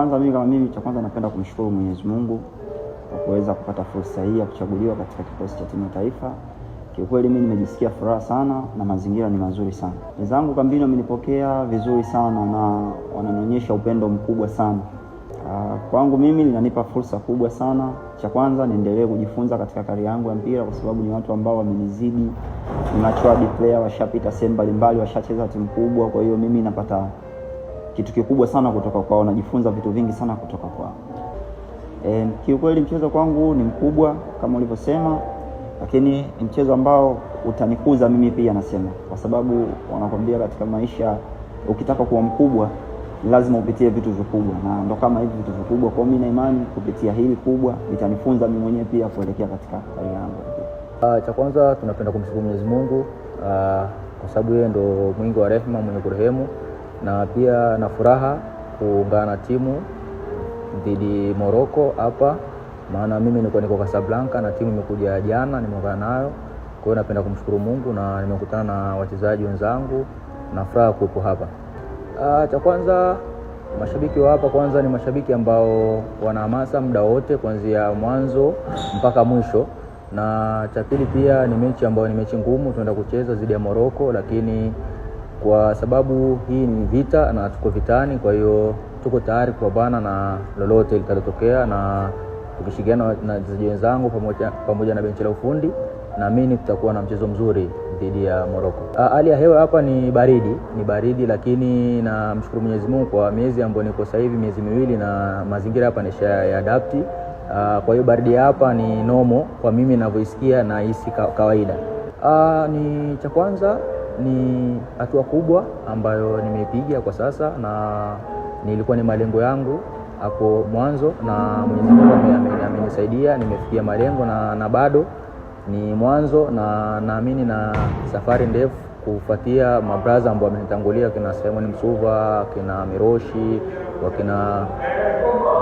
Kwanza mimi kama mimi, cha kwanza napenda kumshukuru Mwenyezi Mungu kwa kuweza kupata fursa hii ya kuchaguliwa katika kikosi cha timu ya taifa. Kiukweli mimi nimejisikia furaha sana na mazingira ni mazuri sana. Wenzangu kambini wamenipokea vizuri sana na wananionyesha upendo mkubwa sana. Ah, kwangu mimi linanipa fursa kubwa sana. Cha kwanza niendelee kujifunza katika kari yangu ya mpira, kwa sababu ni watu ambao wamenizidi, ni mature player, washapita sehemu mbalimbali, washacheza timu kubwa. Kwa hiyo mimi napata kitu kikubwa sana kutoka kwao, najifunza vitu vingi sana kutoka kwao. E, kiukweli mchezo kwangu ni mkubwa kama ulivyosema, lakini mchezo ambao utanikuza mimi pia, nasema kwa sababu wanakwambia katika maisha ukitaka kuwa mkubwa lazima upitie vitu vikubwa, na ndo kama hivi vitu vikubwa. Kwa mimi na imani kupitia hili kubwa litanifunza mimi mwenyewe pia kuelekea katika hali yangu. Uh, cha kwanza tunapenda kumshukuru Mwenyezi Mungu uh, kwa sababu yeye ndo mwingi wa rehema, mwenye kurehemu na pia na furaha kuungana na timu dhidi moroko hapa, maana mimi nilikuwa niko Casablanca na timu imekuja jana, nimeungana nayo. Kwa hiyo napenda kumshukuru Mungu na nimekutana na wachezaji wenzangu na furaha kuwepo hapa. uh, cha kwanza mashabiki wa hapa kwanza ni mashabiki ambao wanahamasa muda wote kuanzia mwanzo mpaka mwisho, na cha pili pia ni mechi ambayo ni mechi ngumu tunaenda kucheza dhidi ya moroko lakini kwa sababu hii ni vita na tuko vitani. Kwa hiyo tuko tayari kupambana na lolote litalotokea, na tukishirikiana na wachezaji wenzangu pamoja, pamoja na benchi la ufundi, naamini tutakuwa na mchezo mzuri dhidi ya Morocco. Ah, hali ya hewa hapa ni baridi, ni baridi, lakini namshukuru Mwenyezi Mungu kwa miezi ambayo niko sasa hivi miezi miwili, na mazingira hapa nisha ya adapti. Ah, kwa hiyo baridi hapa ni nomo kwa mimi ninavyoisikia, hisi kawaida. Ah, ni cha kwanza ni hatua kubwa ambayo nimeipiga kwa sasa, na nilikuwa ni malengo yangu hapo mwanzo, na Mwenyezi Mungu amenisaidia, nimefikia malengo na, na bado ni mwanzo, na naamini na safari ndefu kufuatia mabraza ambao amenitangulia kina Simon Msuva, kina Miroshi, wakina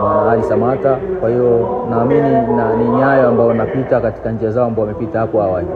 Bwana Ali Samata. Kwa hiyo naamini na ni nyayo ambao napita katika njia zao ambao wamepita hapo awali.